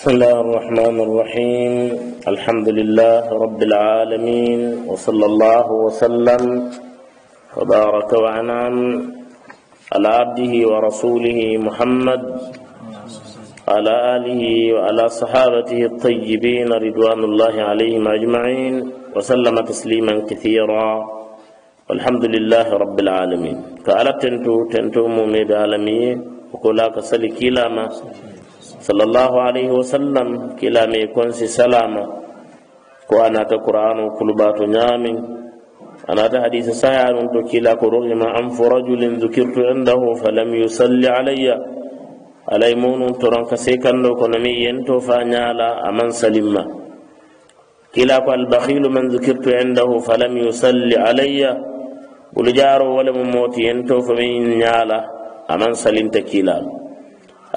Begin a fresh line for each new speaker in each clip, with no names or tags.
بسم الله الرحمن الرحيم الحمد لله رب العالمين وصلى الله وسلم وبارك وانعم على عبده ورسوله محمد على آله وعلى صحابته الطيبين رضوان الله عليهم أجمعين وسلم تسليما كثيرا والحمد لله رب العالمين تعالى تنتو تنتو مومي بعالمي وكلاك سلكي لاما صلى الله عليه وسلم كلا ميكون سي سلام كو انا تا قران انا تا حديث ساي ان تو كلا ما ام فرجل ذكرت عنده فلم يصلي علي علي مون تران كسي كان لو كن مي ينتو نيالا امن سليما كلا البخيل من ذكرت عنده فلم يصلي علي ولجار ولم موتي ينتو فمين نيالا امن سليم تكيلا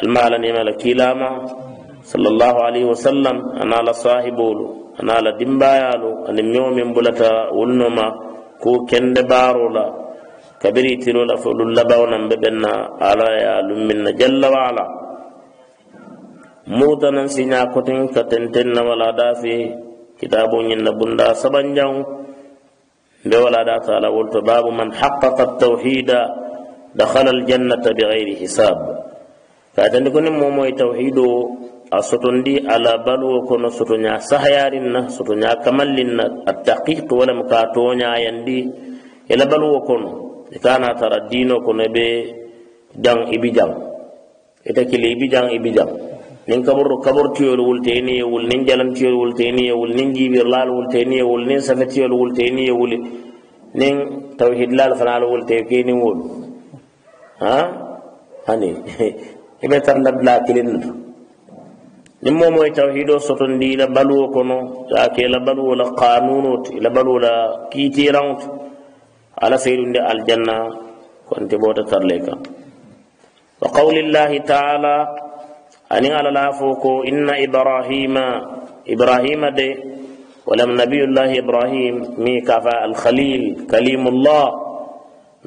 المال نيما لكيلاما صلى الله عليه وسلم انا لا صاحبولو انا لا دمبايالو ان من بلتا ولنما كو كند بارولا كبري تلولا فلول لباونا ببنا على يا لمن جل وعلا موتنا سينا كوتين كتنتن ولا دافي كتاب ينبندا سبنجاو بولا داتا لولت باب من حقق التوحيد دخل الجنة بغير حساب kaatande ko nin momo e tawhid o a sotondi ala baluwo kono sotoña sahayarin na sotoña kamallin na attaqiq walam ka toñayandi ela baluwo kono e kana tara dino kono ɓe e jan ibi jan ita e kili ibi jan ibi jan nin kaboro kabortiyol wulteniye wul nin jalantiyol wulteniye wul nin jibirlal wulteniye wul nin safetiyol wulteniye wuli nin tawhidlal fanal wulte kenin wol ani i be tara labila kiliŋ ne to niŋ moo moye tawhidoo sotondi i la baluwo kono ke la balu la qanunu ti la balu la kiti ti ala seyidundi aljanna konte boota tara le kaŋ wa qawlillahi taala ani ala la foko inna ibrahima ibrahima de ولم نبي الله إبراهيم مي كافا الخليل كليم الله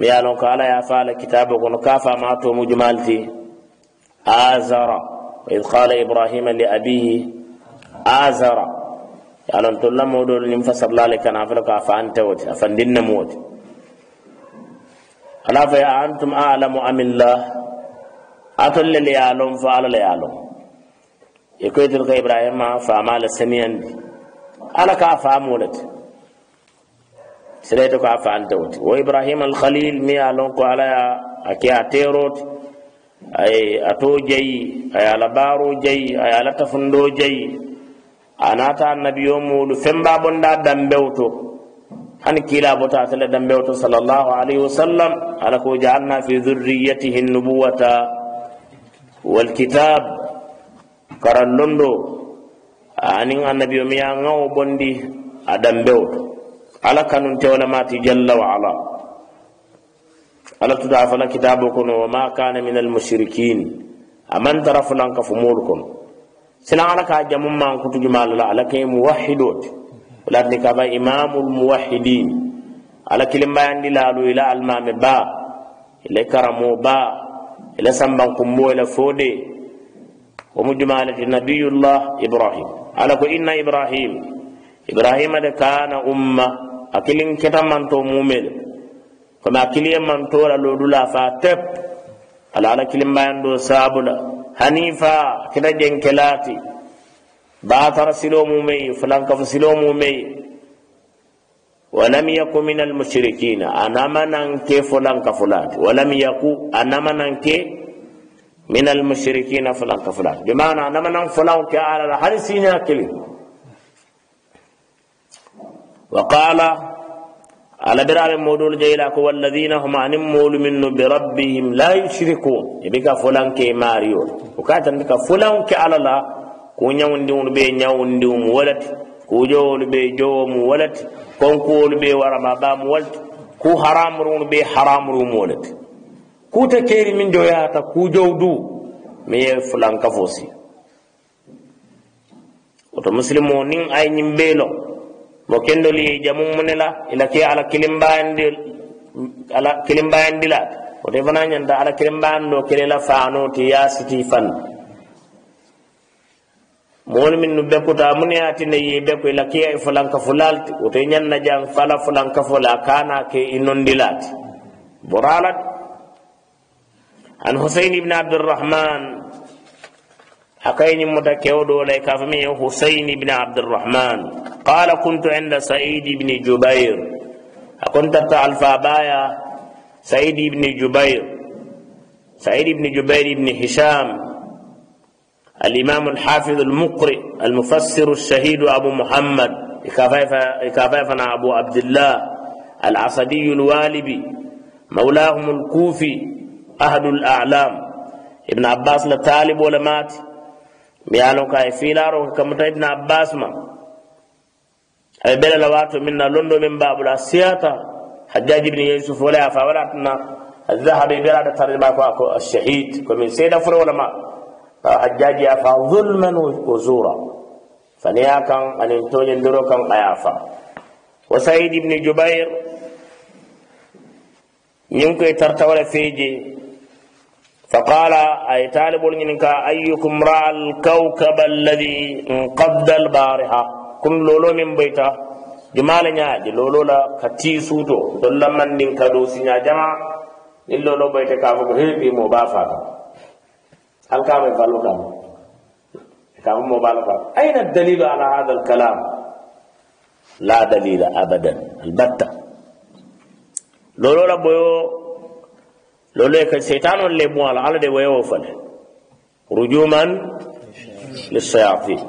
مي قال يا فال كتابك ونكافا ما تو مجمالتي آزر إذ قال إبراهيم لأبيه آزر قال يعلم تلم ودول ينفسر لك أنا أفلك أفأنت وت أفندن موت قال فيا أنتم أعلم أم الله أتل لي يعلم فعل لي يعلم يكويت لك إبراهيم فأمال السميان دي ألا كأفهم ولتي سليتك أفأنت وت وإبراهيم الخليل مي يعلم على أكي أتيروتي ay ato jayi ay ala baro jayi ay ala tafundo jayi anata annabiyo mulu femba bonda dambew to hani kila bota tele dambew to sallallahu alaihi wasallam ala ko ja'alna fi dhurriyyatihi nubuwata wal kitab karallondo anin annabiyo mi ya bondi a dambew to ala kanun tewla mati jalla wa ala ala tuta fana kitabo kono wa ma kana min al mushrikin aman tara fulan ka fumul kono sina ala ka jamu man kutu jumal la ala kay muwahhidot wala ni ka ba imamul muwahhidin ala kilimba yandi la lu ila al mame ba ila karamo ba ila samban kumbo ila fode wa mujmalati nabiyullah ibrahim ala ko inna ibrahim ibrahima de kana umma akilin kitamanto mumel kama kiliyen man tora lodula fa tep ala ala kilimbayan do sabula hanifa kita jenkelati batara silo mumei fulanka fu silo mumei ولم يكن من المشركين أنا مننك فلان كفلات ولم يكن أنا مننك من المشركين فلان كفلات بمعنى أنا منن فلان كعلى الحرسين كلي وقال على برار مودول جيلاك والذين هم عن مولمين بربهم لا يشركون يبقى فلان كي ماريو وكاتن بك فلان كي على لا كو نياونديون بي نياونديوم ولت كو جول بي جوم ولت كونكول بي ورما بام ولت كو حرام رون بي حرام رون ولت كو تكيري من جوياتا كو جودو مي فلان كفوسي وتو مسلمون اي نيمبيلو mo kendol ye jamum munela ila ke ala kilimbayandi ala kilimbayandi la wote fana ñanta ala kilimbayando kele la faano ti ya siti fan moolu min nu bekkuta mun ye atine ye bekku ila ke ay fulanka fulalti wote ñanna jang fala fulanka fula kana ke i nondilati boralat an husain ibne abdurrahman أكاين متكي دولي كافمي حسين بن عبد الرحمن قال كنت عند سعيد بن جبير أكنت بتاع الفابايا سعيد بن جبير سعيد بن جبير بن هشام الإمام الحافظ المقرئ المفسر الشهيد أبو محمد إكافيفنا أبو عبد الله العصدي الوالبي مولاهم الكوفي أهد الأعلام ابن عباس لطالب ولمات mi ye lon ko a ye fiilaro kamuta ibna abbas ma a be bele la waato min na londo min baabula a siyata hajjaji ibni yusuf wala ya fa wala tana الذهب بلا ترجمة الشهيد ومن سيدة فرولة ما حجاج يافا ظلما وزورا فنيا كان أن ينتوني اندرو كان قيافا وسعيد بن جبير يمكن ترتول فيجي فقال أي طالب منك أيكم رأى الكوكب الذي انقض البارحة كن لولو من بيتا جمال نياج لولو لا كتي سوتو دل من دين كدو سنيا جمع لولو بيتا كافو بي مبافا هل الكام يفعلو كام كام مبالفا أين الدليل على هذا الكلام لا دليل أبدا البتة لولو لا بيو lolu ka shaytanol le mo ala ala de wayo fale للشياطين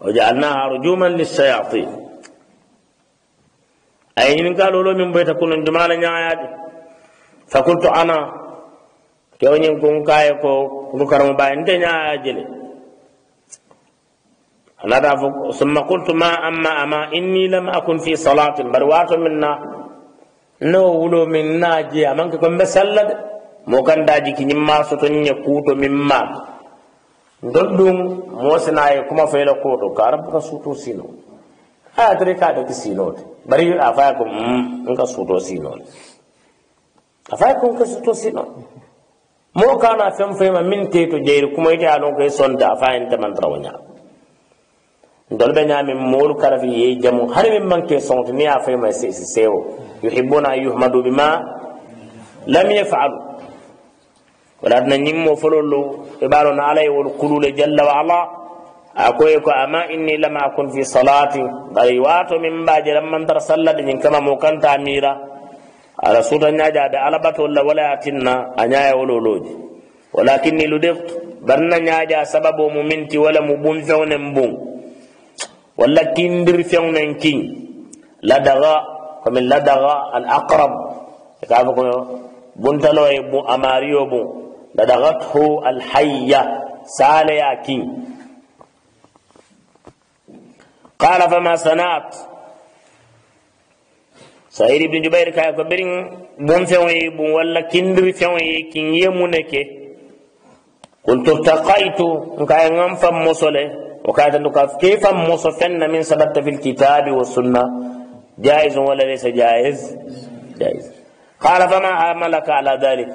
وجعلناها رجوما للشياطين أي من قالوا له من بيت كل جمال نعياد فقلت أنا كوني نعم كون كايكو كرم باين تنعاد أنا ثم قلت ما أما أما إني لم أكن في صلاة بل منا no wulo min naaje aman ko kombe salla de mo kandaji kiñimma soton ñe kuuto min maaka ndol ɗum moosina ye kuma fayla koto ka rabbaka suuto sino a tere ka sino sinode bari a faya ko mm, ka suuto sino a faya ko ka suuto sino mo kana fen fema min teto jeyri kuma ite a lon son sonta a en tamantarawo ñaam dol be ñaami moolu karafi ye jamu hani min manke sonto ni a fayma sewo yuhibuna an yuhmadu bima lam yafalu walatina ñim mo folol lo i be alay wol ye jalla wa ala a ko ye ko ama inni lam akun fi salati bari waato min mba je lam man dar salla de kama mo kanta mira ala suta ñaja be ala batol la wala atinna a ñaye wolo loje walakinni ludiftu barna nyaaja sababu sababo mu minti wala mu bun feŋo ولا كندر فيون نكين لا دغا كمن لا دغا الأقرب كافكم بنتلو يبو أماريو بو لا دغته الحية ساليا كين قال فما صنعت سعيد بن جبير كاي كبرين بون فيوي بون ولا كندر فيوي كين يمونكي كنت ارتقيت كاي غنفم مصلي وكانت نقاف كيف مصفن من ثبت في الكتاب والسنة جائز ولا ليس جائز جائز قال فما عملك على ذلك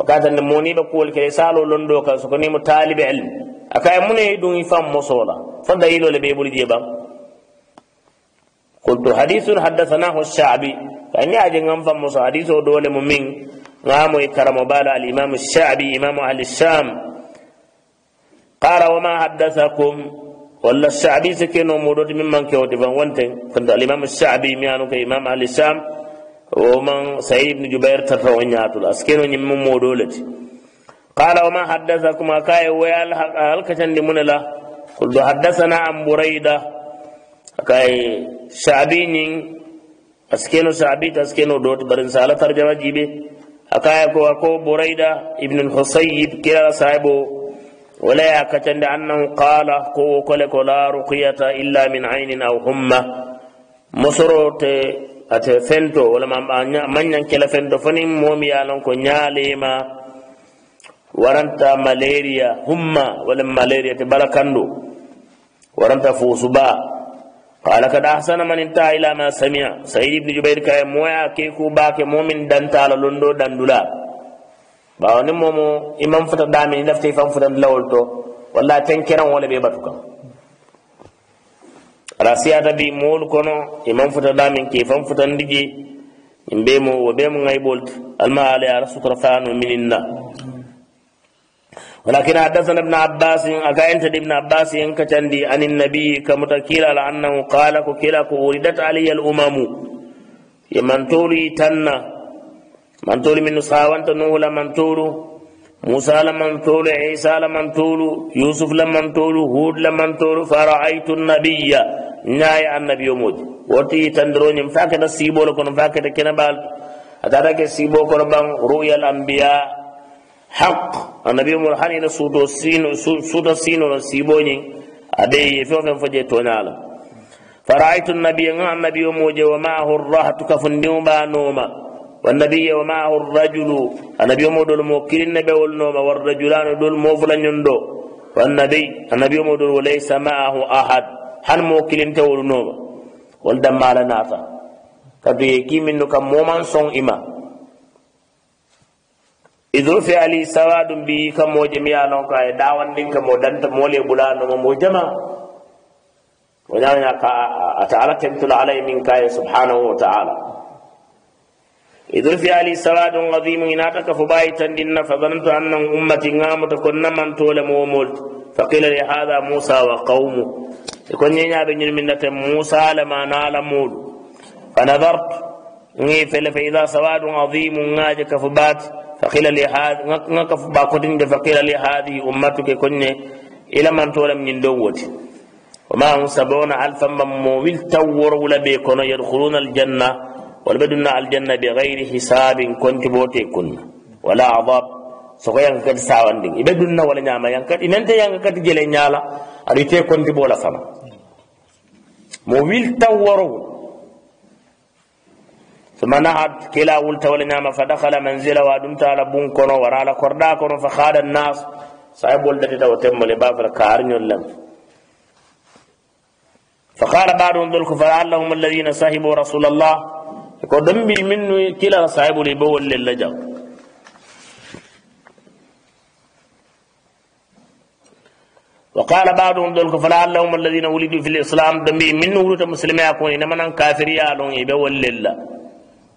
وكانت نموني بقول كي سالو لندو كان مطالب علم أكاي مني دون يفهم مصولا فدليل لبيبول جيبا قلت حديث حدثناه الشعبي فإني أجن أنفهم مصولا حديث دول ممين غامو نعم، كرم بالا الإمام الشعبي إمام أهل الشام qala wama haddathakum walla sabi sike no moɗoti min man kewte fan wonten kanto alimamu sabi mi anu ko imam alisam o man said ibne jubair tarta o ñatula askeno ñimmin moɗoleti qala wama haddathakum a kaye woya alkacandi munela kulɗo haddathana an bourayda akaye sabi ñin askeno sabi ta askeno doti barin sala tarjama jiɓe akaye ko ako bourayda ibne lhusayib kirala sahibo ولا يكتن أنه قال قو كلك لا رقية إلا من عين أو همة مصروت ate fento wala manyan kela fento fani momi ya lon ko nyalema waranta malaria humma wala malaria te barakando waranta fusuba qala kad ahsana man intaha ila ma sami'a sa'id ibn jubair kay moya ke ku ba ke momin danta la londo dandula bawo ni momo imam futa dami ni lafta fan futa lawol to walla ten keran wala be batu kan ta bi moolu kono imam futa dami ke ifam futa ndiji imbe mo wo be mo ngai bolt alma ala ya rasul fa'anu mininna ولكن حدثنا ابن عباس أكاينت ابن عباس كتندي عن النبي كمتكيل على أنه قال كلا ولدت علي الأمم يمن تولي تنّا منتول من نصاوان تنوه لمنتول موسى لمنتول عيسى لمنتول يوسف لمنتول هود لمنتول فرأيت النبي نايا النبي يموت وتي تندرون فاكر السيبول كن فاكر كنبال أتارك السيبول كن بان رؤيا الأنبياء حق النبي مرحاني لسودو سينو سودو سينو السيبول أدي يفوف فجأة تونالا فرأيت النبي نعم النبي يموت وما هو كفن نوما نوما والنبي ومعه الرجل النبي مودول موكلين نبي والنوم والرجلان دول موفلا يندو والنبي النبي مودول وليس معه أحد هل موكل انت والنوم والدم على نافع كدو يكي منو كم مومن صن إما إذ رفع لي سواد بي كم وجميع لنك داوان دين كم ودنت مولي بلان ومجمع ونعم أتعالى تمثل علي منك سبحانه وتعالى idul fi ali sawadun azim inata ka fubai tandinna fa banantu annan ummati ngamu to konna man tole mo mol fa qila li hada musa wa qaumu ikon nyanya be nyil minnata musa la mana la mul fa nadhart ngi fele fa idha sawadun azim ngaje ka fubat fa qila li hada ngaka fuba ko din de fa qila li hadi ummatuke konne ila man tole min do woti وما هم سبعون ألفا من مويل تور ولا بيكون يدخلون الجنة ولبدنا على الجنة بغير حساب كنت بوتي كن ولا عذاب سوف ينكت ساوان دين يبدنا ولا نعم ينكت إن أنت ينكت جلي نعلا أريتي كنت بولا سما موويل تورو ثم نهد كلا ولت ولا نعم فدخل منزل وادمت على بون كنو ورا على كردا كنو فخاد الناس صاحب ولد تتا وتم لباب الكارن يلم فقال بعض انظر الكفار اللهم الذين صاحبوا رسول الله ko ɗon منو كلا kila sahibuli bo wollella jam وقال بعضهم ذلك فلعلهم الذين ولدوا في الإسلام دمي من نورة مسلمي أكون إنما نان كافري ألون إبا وللا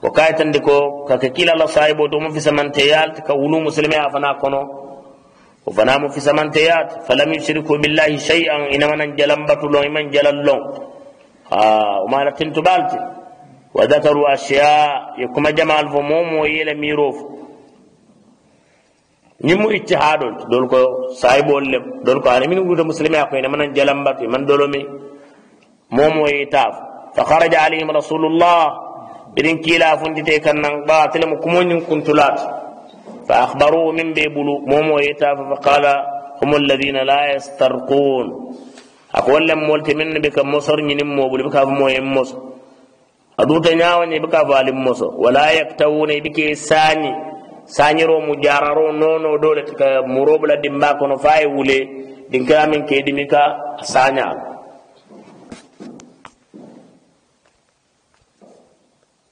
وكاية تندكو كككيل الله صاحب وتوم في سمن تيال تكولو مسلمي أفنا كونو وفنا في سمن تيات فلم يشركوا بالله شيئا إنما من جلن بطلون من جلل لون آه وما لتنتبالتي وذكروا أشياء يكما جمع الفموم ويلا ميروف نمو اتحاد دولكو صاحب ولم دولكو أنا من قلت مسلمي أخوي من جلم جلمبت من دولمي مومو يتاف فخرج عليهم رسول الله إذن كلا فندتي كان باطل مكمون كنتلات فأخبروه من بيبلو مومو يتاف فقال هم الذين لا يسترقون أقول لهم مولت من بك مصر نمو بك مو مصر aduta ñawani ibuka valim moso wala yaktawuna ibike sani sañiro mu jararo nono dole ka murobla dimba kono faye wule dinkira min ke dimika sañal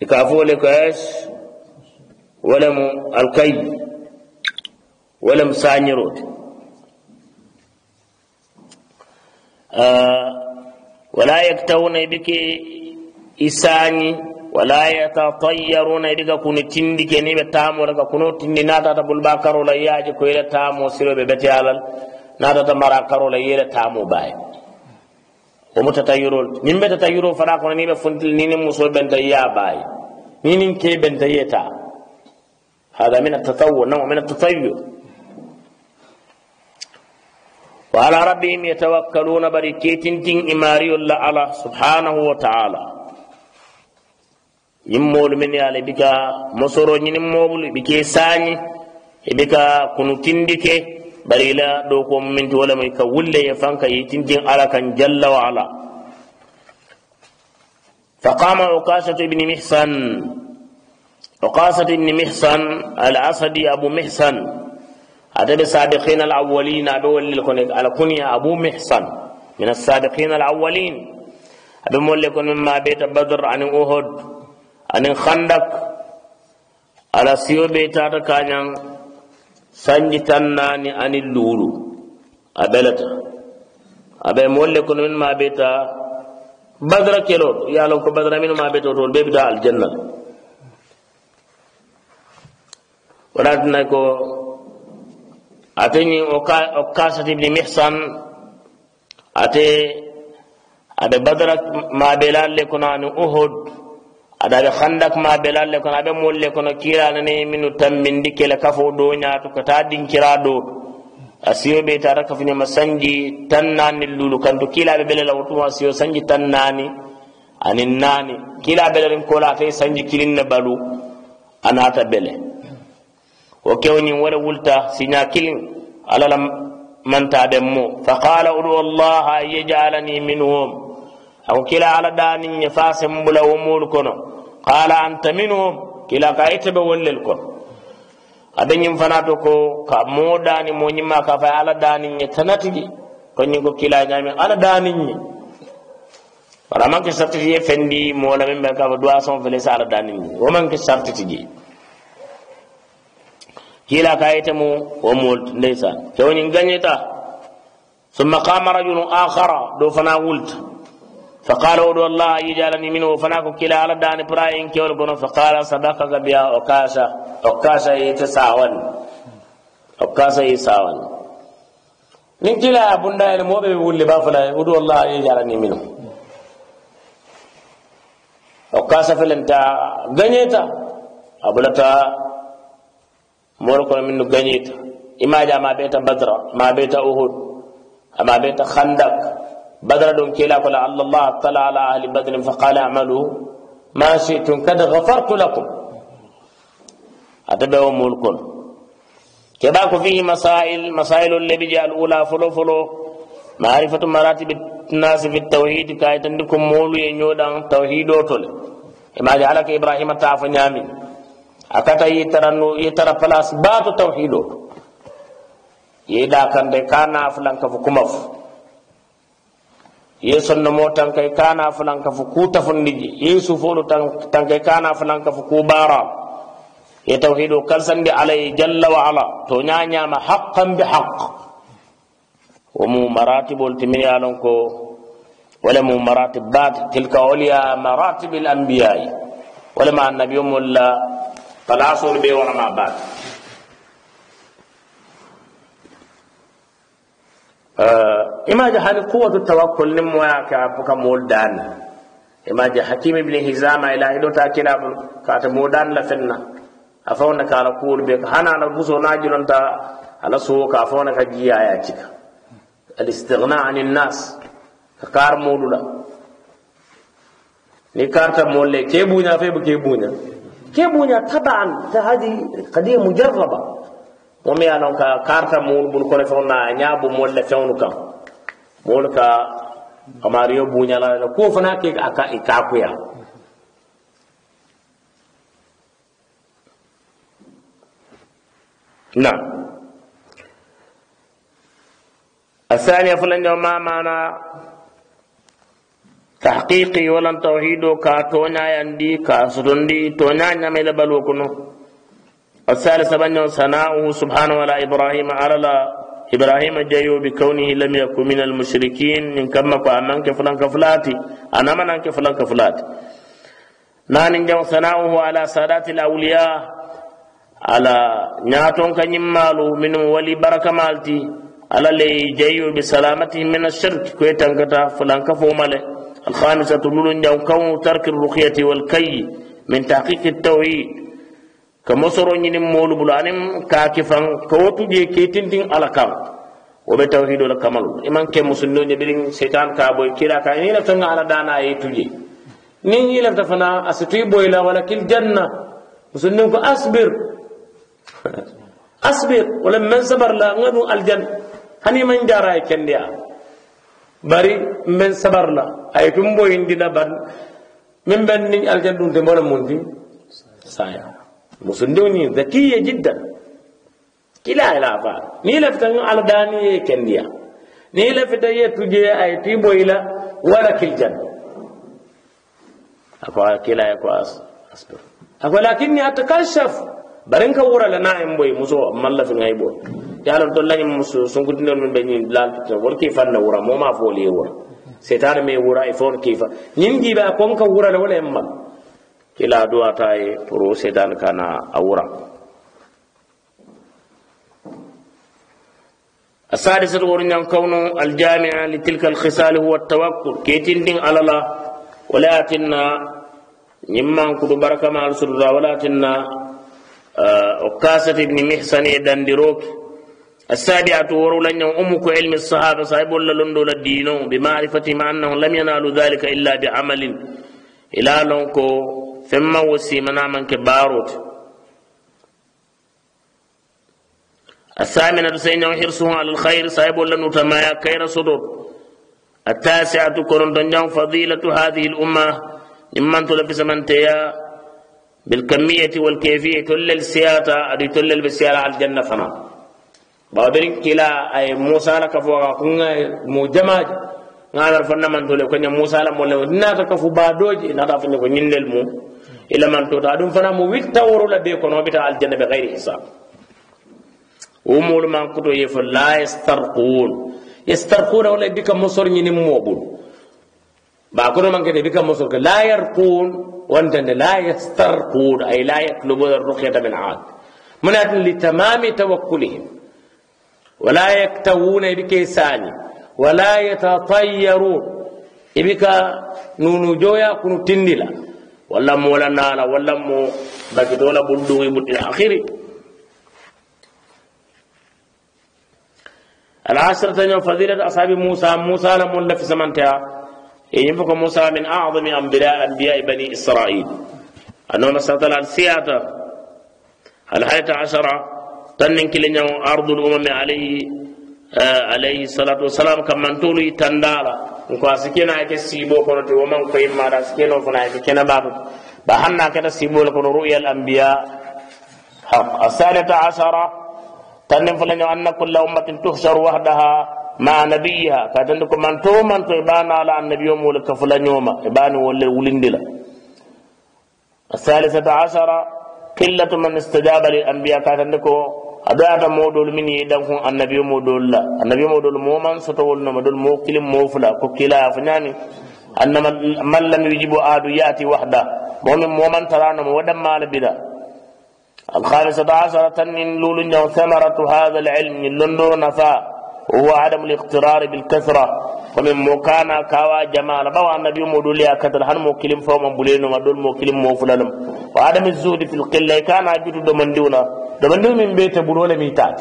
ika fole ko es walamu alkay walam sañirote wala yaktawuna ibike isani wala yatatayaruna idiga kuni tindi ke be tamo daga kuno tindi natata bulba la yaji ko ile tamo silobe beti alal natata mara la yele tamo baye omo tatayurol min be ko ni be fundil ni ni muso benta ya ni ni ke benta yeta hada min at-tatawwu naw min at-tatayyur wa ala rabbihim yatawakkaluna bari ketintin imari Allah subhanahu wa ta'ala yin moolu men ye a la i bi ka mosoro ñinin moobulu i bi ke saañi i bi ka kunutindi ke bari i la dookuwo muminti wo lemu i ka wulle ye faŋ ka yitintin ala kan jalla wa ala فقام عكاشة بن محسن عكاشة بن محسن الأسدي أبو محسن أدب السابقين الأولين أبو على كنية أبو محسن من السابقين الأولين أبو مولي من ما بيت بدر عن أهد anin handak ala siyo be tata kañan sanji tan nani ani luulu a belata abe molle kono min ma beta badra kelo ya lon ko badra min ma beta to bebita al janna wadat na ko ate ni o ka o ka sati bi mihsan ate abe badra ma belal le kono ani uhud ada be khandak ma be lalle kono be molle kono kirana ne minu tam min tammindi kele kafo do nyaato ko ta din kira do asiyo be ta tara kafine masanji tannani lulu kanto kila be bele lawtu ma asiyo sanji tannani anin nani kila bele rin kola fe sanji kilin na balu anata bele o kewni wala wulta sinya kilin alalam man ta be mo fa qala udu wallahi yaj'alani minhum ako kila ala danin ya fasen bula wo molu kono qala anta minhum kila ka ite be wollel kono ada ñim fana to ko ka mo dani mo ñimma ka fa ala dani ñe tanatigi ko ñi ko kila ñami ala dani ñi wala man ke sartiti ye fendi mo la men ka fa doa son fele sa ala dani ñi wo man ke sartiti gi kila ka ite mo wo mo ndeysa to ñi gagneta summa qama rajulun akhara do fana wulta فقال ادعو الله يجعلني منه فناك كلا على دان براين كيول كونو فقال صدقك بها اوكاسا اوكاسا يتساون اوكاسا يساون نين بندا بوندا موبي لي بافلا ادعو الله يجعلني منه اوكاسا فلنتا غنيتا ابلتا موركو منو غنيتا إما جاء ما بيت بدر ما بيت أهود ما بيت خندق بدر دون كلا فلا الله اطلع على اهل بدر فقال اعملوا ما شئتم قد غفرت لكم اتبعوا ملكون كباكو فيه مسائل مسائل اللي بيجي الاولى فلو فلو معرفه مراتب الناس في التوحيد كايتن ديكم مولو ينيودان توحيد وطول ما جعلك ابراهيم تعف اكتا akata يترى yitara باتو baatu يدا كان دي كان fulan كفو kumafu yeson no mo tankay kana fanan ka fu kuta fundi yesu folo tankay kana fanan ka fu kubara ya tauhidu kalsandi alai jalla wa ala to nyanya ma haqqan bi haqq wa mu maratibul timiyalon ko wala mu maratibat tilka awliya maratibil anbiya wala ma annabiyumul la falasul bi wa ma ba'd آه، إما جهل قوة التوكل نمواك أبوك مولدان إما حكيم ابن هزام إلى إدو تاكينا كات مولدان لفنا أفونا كالا قول بيك هانا نبوسو ناجل انتا على سوك أفونا كجي آياتك الاستغناء عن الناس كار مولولا نكارتا مولي كيبونا فيبو كيبونا كيبونا تبعا هذه قضية مجربة mo mi ye lon ka karta moolu bulu kono feŋo na ñaa bu moolu le feŋolu kaŋ moolu ka kamariyo buuñala le kuo fana ke a ka i kaakuya na asaniya fulanjo mamana tahkiki walan tawhido ka toñayandi ka sotondi toña ñamele baluo kono الثالث بأنه ثناؤه سبحانه على إبراهيم على لا إبراهيم جايو بكونه لم يكن من المشركين من كما قامن كفلان كفلاتي أنا من أنك فلان كفلاتي نان ثناؤه على سادات الأولياء على ناتون كنمالو من ولي بركة مالتي على لي جايو بسلامته من الشرك كويتان كتا فلان كفومالي الخامسة لولن كون ترك الرقية والكي من تحقيق التوحيد ka mosoro ñini moolu bulu anin ka kifan ka wotu je kitintin ala kam wo be tawhido la kamalu iman ke musulino ñe birin setan ka boy kila ka ni lafta nga ala dana ye tuje ni ñi lafta fana asituy boy la wala kil janna musulino ko asbir asbir wala men sabar la ngadu aljan hani man jara ye kendiya bari men sabar la ay tum boyindila bari min ben ni aljan dum te mbola mundi saya مسندوني ذكية جدا كلا لا فا نيلا فتنو على داني كنديا نيلا فتاية تجي اي تيبو الى ورك الجنة اكو كلا اكو اصبر اكو لكني اتكشف برنك ورا لنا امبوي مزو مالا في غيبو يا رب دولا يمسو سنكتن من بني لال تكور كيف انا ورا مو ما فولي ورا سيتار ورا يفور كيف نينجي با كونك ورا لولا امبوي kila duwa ta ye puru sedan kana awura السادس الورن كون الجامع لتلك الخصال هو التوكل كيتين دين على الله ولا تنا نمان كدو بركة مع السرورة ولا تنا وقاسة ابن محسن دندروك السابعة ورولن أمك علم الصحابة صاحب لندو للدين بمعرفة ما أنهم لم ينالوا ذلك إلا بعمل إلى لنكو ثم maŋ wo siima naa الثامنة سينه حرصه على الخير صاحب لن تمايا كير صدر التاسعة كرن دنجان فضيلة هذه الأمة ممن تلف من تيا بالكمية والكيفية تلل السياطة أدي تلل بالسيارة على الجنة فنا بابرين كلا أي موسى لك فوق مجمع نعرف أن من تلفز موسى لم موسى لك فوق بعدوج نعرف أن يكون إلا من توتا دون فنا مويت تورو لا بيكونو بيتا الجنة بغير حساب ومول من كتو يف لا يسترقون يسترقون أولا بيك مصر ني موبول با كون من كده بيك مصر لا يرقون وانتن لا يسترقون أي لا يطلب الرقية من عاد من لتمام توكلهم ولا يكتوون بك ساني ولا يتطيرون إبك نونو جويا كنو تندلا walla mola nala walla mo bakitola buldugi bul ila akhiri العشرة يوم فضيلة أصحاب موسى موسى لم في زمنتها ينفق موسى من أعظم أنبياء أنبياء بني إسرائيل أنهم سطل السيادة الحياة عشرة تنن كلن أرض الأمم عليه آه عليه الصلاة والسلام كمن تولي تندالا nko a sike na ke sibo kono to wo man ko yimma da sike no fana ke kena babu ba hanna kata sibo le kono ru'yal anbiya ha asalata asara tanin fulan yo anna kullu ummatin tuhsharu wahdaha ma nabiyiha katande ko man to man to ibana ala annabiyo mo le kafula nyoma ibani wolle wulindila الثالثة عشرة قلة من استجاب للأنبياء ko abe ata modol min yi dan kun annabi modol la annabi modol mo man soto wol no modol mo kilim mo fula ko kila fanyani annama man lam yujibu adu yati wahda mo min mo man tarana mo wadam mala bida al al min lulun hadha ilm nafa huwa الخامسة عشرة من لول ثمرة هذا العلم لندو نفا وهو عدم الاقترار بالكثرة ومن مكان كاوا جمال بوا النبي مدوليا كتر هن موكلم فوما بولينو مدول موكلم موفلالم وعدم الزهد في القلة كان عجوت دمندونا دمندون من بيت بلول ميتات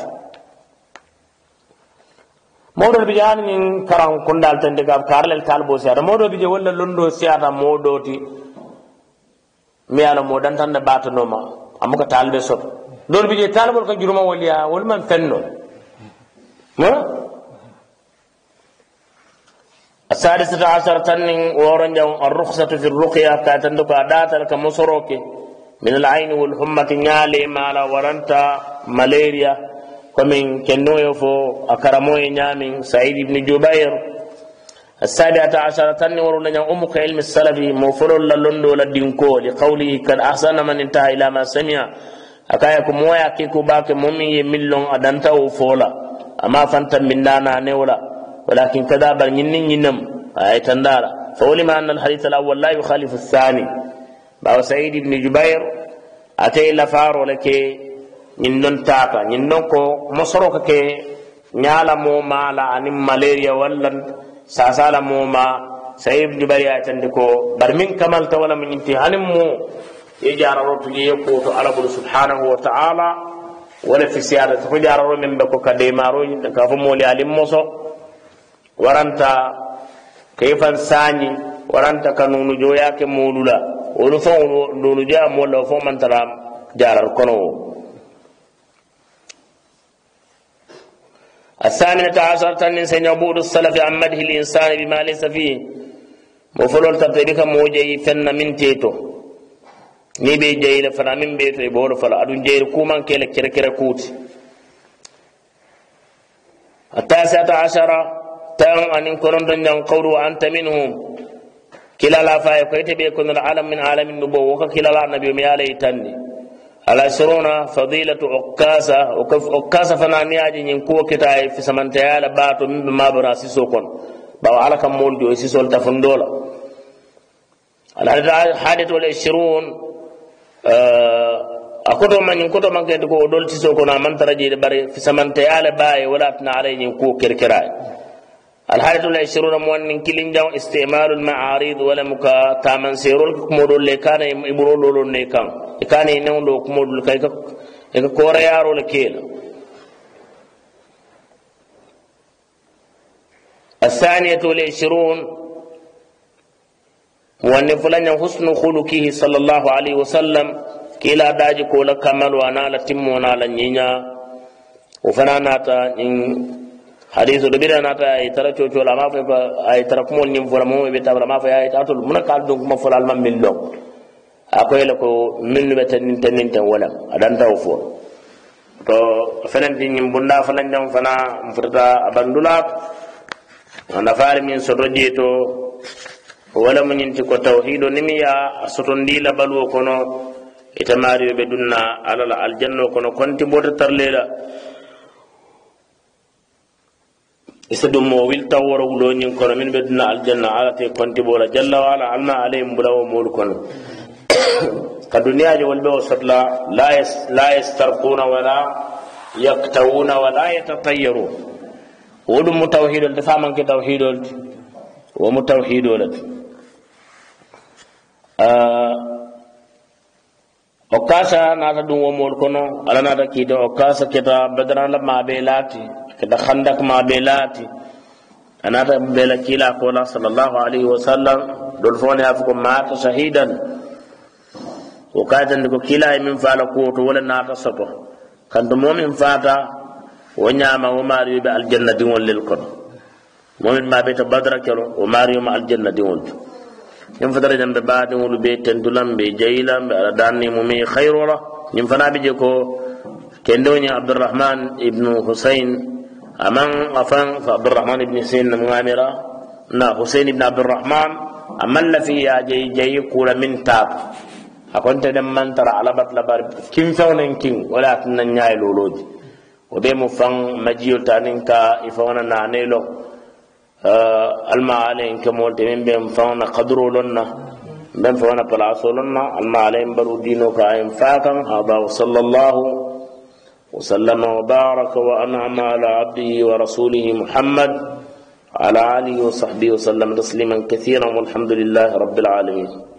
مودو بيجان من كرام كندال تندقاب كارل التالبو سيارة مودو بيجي ولا لندو سيارة مودو تي ميانا مودان تند باتنو ما أمو كتالبو سب دور بيجي تالبو كجرما وليا ولما فنو ما السادسة عشر تنين ورنجا الرخصة في الرقية كاتندو كاداتا لك مصروكي من العين والحمى تنالي مالا ورنتا ماليريا ومن كنو يفو أكرمو ينامي سعيد بن جبير السابعة عشرة تنور لنا أمك علم السلفي مفر للندو للدينكو لقوله قد أحسن من انتهى إلى ما سمع أكايا كموايا كيكو باك ممي يملون أدنتا وفولا أما فانتا من دانا نولا ولكن كذا بل ننم آية تندارا فولما أن الحديث الأول لا يخالف الثاني bawo sayid ibni jubair ate lafaro le ke ñin non tata ñin non ko mosoro ka ke ñala mo mala anin malaria walla sasala mo ma sayid ibni jubair ya tande ko bar min kamalta wala min inti hanin mo ye jararo to ye ko to alabul subhanahu wa ta'ala wala fi siyada to jararo min be ko kade maro ka fo moli alim moso waranta kayfan sani waranta kanunu joya ke molula wolu feŋolu lulu jaa moolu la wo fo man tara jaaral kono wo الثامنة عشرة تنسين يبود السلف عن مده الإنسان بما ليس فيه مفلول تبتدك موجي فن من تيتو ني بي جاي لفنا من بيتو يبور فلا أدون جاي كومان كيلك كيرا كيرا كوتي التاسعة عشرة تان أن يكون قولوا أنت منهم kilala faye ko ite ɓe kondono alam min alamin ɗo bo woka kilala annabi mi ala tanni ala sorona fadilatu okkasa okkasa fana niyaji ñin kuwo kita e fisamanteyala ɓaato min ɓe mabara siso kon ɓawa ala kam moldi o sisol tafundola alaa haadetol isirun a koto ma ñin koto mankedi ko o ɗol siso kono a mantara jiide ɓari fisamanteyala ɓa e waɗatana alay ñin kuwo kirkiraye الحالة العشرون موان كلين جاو استعمال المعارض ولا مكا تامن سيرول كمودول لكان يبرو لولون نيكان كان ينون لو كمودول كايكا إذا كورا يارو لكيلا الثانية والعشرون وأن فلان حسن خلقه صلى الله عليه وسلم كلا داج كولا كمال وانا لتم وانا لنينا وفنانا ناتا hadis ɗo ɓirana ta ay tara cocol ama fo ay tara kumol ñim fola momo ɓe tabra ma fo ay tatol muna kal ɗon kuma fola alma min ɗon a koyla ko min nuɓe tannin tannin ten wolam aɗantawo fo to fenanti ñim bunda fanandem fana fotata a bandulat nafari min soto jeeto wala mu ñinti ko tawhido nimi ya a sotondila baluwo kono ita mariyo ɓe dunna alala aljanno kono konti bota tarlela isa ɗum mo wilta woro wulo ñin kono min ɓe duna aljanna alate konti ɓola jalla wa ala alma alayhim bulawo molu kono ka duniyaji wol ɓe o sotla la yastarkuna wala yaktawuna wala yatatayyarun woɗum mo tawhidol te famanke tawhidol te womo tawhidol te o kasa nata ɗum womol kono ala nata kiita o kasa keta bedanala maɓe laati kata handak ma belati anata bela kila kola sallallahu alaihi wasallam dol fone hafu ko mata shahidan ko katan ko kila e min fala ko to wala nata soto kanto momin fata wo nyama wo mari be aljanna dingol lel kon momin ma be to badra kelo wo mari ma aljanna dingol to ñim fatara jambe baadiŋolu be tentulam be jayilam be ala danni mumi khayro la ñim fana be je ko kendewo ñe abdurrahman ibnu husayn aman afan fa abdurrahman ibn sin na ngamira na husain ibn abdurrahman aman la fi ya jay jay kula min tab akon ta dem man tara alabat labar kin fawnen kin wala tan nan nyaay loloji o be mu fan majiyo tanin ka ifawna na ne lo alma alen ke molte min be fawna qadru lonna بن فوانا بلاصولنا المعلم برو دينو كاين فاكم هذا وصلى الله وسلم وبارك وأنعم على عبده ورسوله محمد على آله وصحبه وسلم تسليما كثيرا والحمد لله رب العالمين